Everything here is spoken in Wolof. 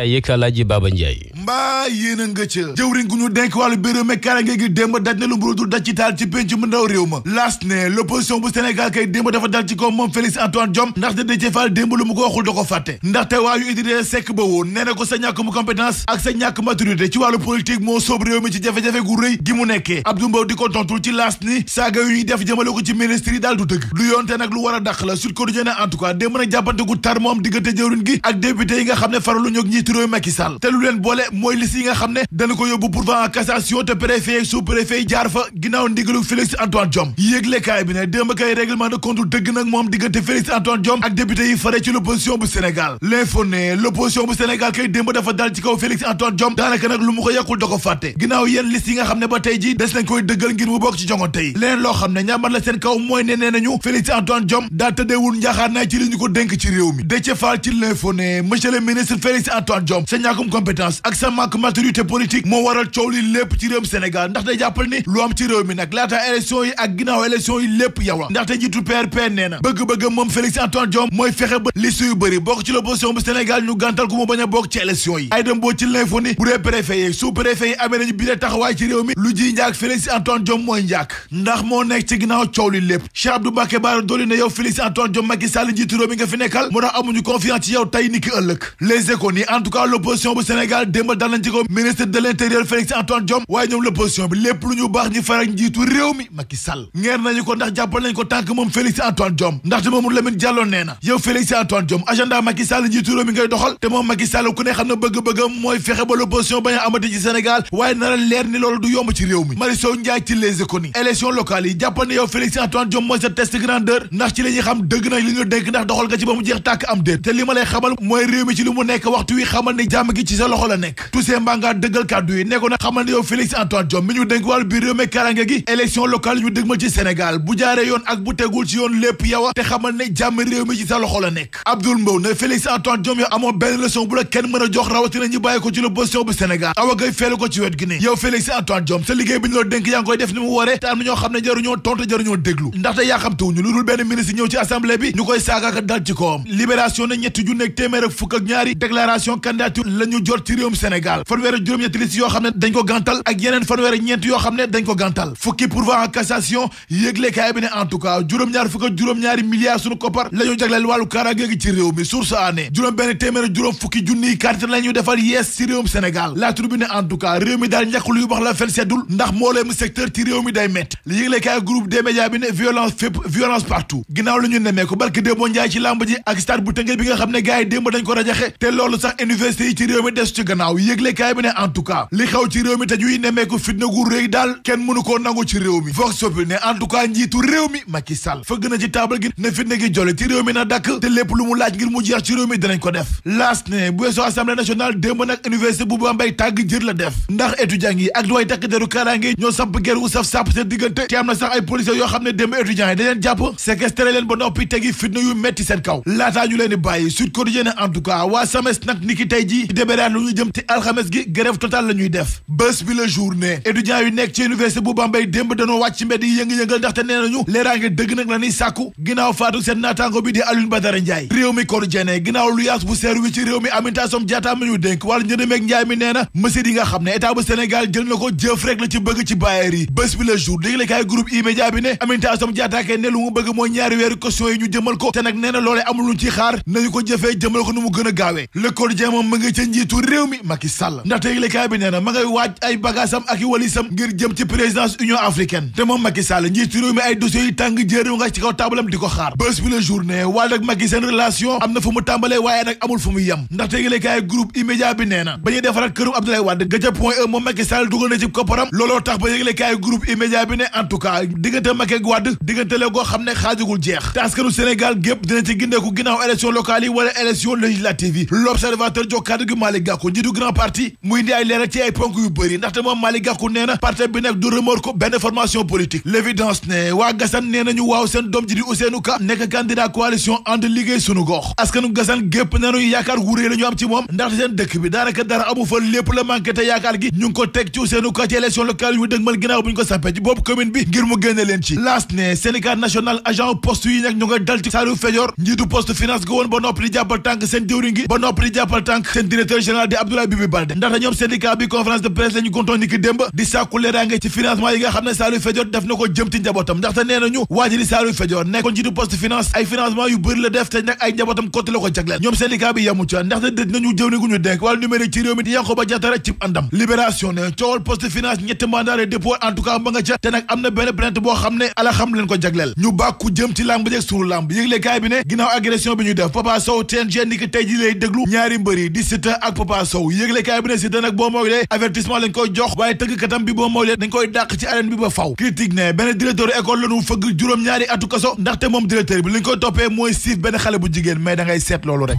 kaay yeeg Alaaji Baba Ndiaye mbaa yéen a nga ca jëwriñ gu ñu denk wàllu bureau me karange démb daj na lu mburu dul daj ci taal ci pénc mu ndaw réew ma laas ne l'opposition bu Sénégal kay démb lu mu ko waxul ko fàtte ndaxte waayu Idrissa Seck ba woon nee na ko sa ñàkkum compétence ak sa ñàkk maturité ci wàllu politique moo soob réew mi ci jafe-jafe gu rëy gi mu nekkee Abdou Mbow di ko tontul ci laas ni saaga yu ñuy def jëmale ko ci ministre yi du dëgg lu yoonte nag lu a njiitu réew Macky Sall te dana ko yóbbu pourvoi en cassation te préfet sous préfet jaar fa ginnaaw ndigalu Félix Antoine Diome yéeglekaay bi ne démb kay règlement de compte dëgg nag moom diggante Félix Antoine Diome ak député yi fare ci l'opposition bu Sénégal l'info ne l'opposition bu Sénégal kay démb dafa dal ci kaw Félix Antoine Diome daanaka nag lu mu ko yàqul da ko fàtte ginnaaw yéen liste yi nga xam ne ba tey ji des nañ koy dëggal ngir mu bokk Antoine Diome sa ñàkkum compétence ak sa manque maturité politique moo waral coow li lépp ci réewum Sénégal ndax day jàppal ni lu am ci réew mi nag laata élection yi ak ginnaaw élection yi lépp yow la ndaxte njiitu PRP nee na bëgg-bëgg moom Félix Antoine Diome mooy fexe ba liste yu bëri bokk ci l'opposition bu Sénégal ñu gàntal ku mu bañ a ci élection yi ay dem boo ci l'info ni bu dee préfet yi sous préfet yi amee nañu bile taxawaay ci réew mi lu ji njaak Félix Antoine Diome mooy njaak nekk ci ginnaaw coow li lépp Cheikh Abdou Mbacké Bara Dolly ne yow Félix Antoine Diome Macky Sall njiitu réew mi nga fi nekkal tout cas Sénégal démbal daan nañ ci ko ministre de l'intérieur Félix Antoine Diome waaye ñoom l'opposition bi lépp lu ñu baax ñu faral njiitu réew mi Macky Sall nañu ko ndax jàppal nañ ko tànk moom Félix Antoine Diome ndaxte Mamadou Lamine Diallo nee na yow Félix Antoine Diome agenda Macky Sall njiitu réew mi ngay doxal te moom Macky ku ne na bëgg-bëggam mooy fexe ba l'opposition bañ a amati ci Sénégal waaye nara leer ni loolu du yomb ci xamal ni nekk Toussaint ne ko a te a def ni mu waree te am na ñoo xam ne jaruñoo tontu jaruñoo déglu ndaxte yaa xam tuwuñu lu dul benn ministre ñëw ci assemblée bi ñu koy saagaaka dal ci kawam libération ne ñetti junni ak téeméer ak fukk ak ñaari déclaration candidature la jot ci réewum Sénégal fanweer juróom-ñetti yoo xam ne dañ ko gàntal ak yeneen fanweer en cassation yëglekaay bi ne en tout cas juróom ñaari milliards suñu koppar la ñu jagleel wàllu kaaraange gi ci réew mi source année juróom benn téeméer juróom fukki junniy carte la ñu defal yees ci réewum Sénégal la tribune en tout cas réew mi daal ñàkkul yu wax la fel seddul ndax mbooleem secteur ci réew mi day métti yëglekaay groupe des médias bi ne violence université ne fitna gi ne ci réew mi na dakk te lépp lu mu laaj ngir mu jeex ci réew mi danañ ko def laas ne bu weesoo assemblée nationale démb nag université bu Bambey tàgg jër la def ndax étudiants yi ak way takk deru kaaraange ñoo samp ger wu saf sàpp seen diggante te na sax ay policiers yoo xam ne démb étudiants yi dañ jàpp séquestré leen ba noppi tegi fitna yu metti seen kaw laataa ñu leen bàyyi Sud Quotidien en tout cas waa SAMES nag ki tey ji débéraat lu ñu jëm ci alxames gi grève totale la ñuy def bés bi la journée étudiants yu nekk ci université bu Bambey démb dañoo wàcc ci mbedd yi yëngu ndaxte nee nañu leeraange dëgg nag la ñuy sàkku ginnaaw faatu seen naataango bi di Alioune Badara Ndiaye réew mi korjene ginnaaw lu yaas bu seer réew mi Aminata Assome Diatta dénk wàllu njënd meeg njaay mi nee na yi nga xam ne état bu Sénégal jël na ko jëf rek la ci bëgg ci bayeer yi bés E-Media moom ma nga ca njiitu réew mi Macky Sall ndaxte yëglekaay bi nee ma ngay waaj ay bagaasam ak i walisam ngir jëm ci présidence Union africaine te moom Macky Sall njiitu réew mi ay dossiers yu tàng jëriñu nga ci kaw taabalam di ko xaar bés bi la journée waaye nag Macky seen relation am na fu mu tàmbalee waaye nag amul fu mu yem ndaxte yëglekaay groupe immédiat bi nee ba ñuy defaraat kërum Abdoulaye Wade ga point e moom Macky Sall dugal na porteur joo kaddu gi Malick njiitu grand parti muy ndi ay leeral ci ay ponk yu bëri ndaxte moom Malick Gakou nee na parti bi nekk du remorque benn formation politique l'évidence ne waa Gassane nee nañu waaw seen doom ji di Ousseynou Ka nekk candidat coalition ànd liggéey sunu gox askanu Gassane gépp nee nañu yaakaar wurée la ñu am ci moom ndaxte seen dëkk bi daanaka dara amu fa lépp la manqué te yaakaar gi ñu ngi ko teg ci Ousseynou Ka ci élection locale yu ñu tànk seen directeur général di Abdoulaye Bibi Baldé ndaxte ñoom syndicat bi conférence de presse la ñu gontoon démb di sàkku leeraange ci financement yi nga xam ne Saliou Fédior def na ko jëm ci njabootam ndaxte nee nañu waa ji di Saliou Fédior njiitu poste finance ay financement yu bëri la def te nag ay njabootam côté la ko jagleel ñoom syndicat bi yamu ca ndaxte dëj nañu jëw ni gu ñu denk wàllu numérique ci réew di Yankhoba Diattara cib te nag am na écurie di Siteu ak Papa Sow yëgle kaay bi ne Siteu nag boo mooy avertissement lañ koy jox waaye tëggkatam bi boo mooy dañ koy dàq ci arène bi ba faw critique ne benn directeur école lañu fëgg juróom-ñaari atu kaso ndaxte moom directeur bi li koy toppee mooy siif benn xale bu jigéen mais da seet loolu rek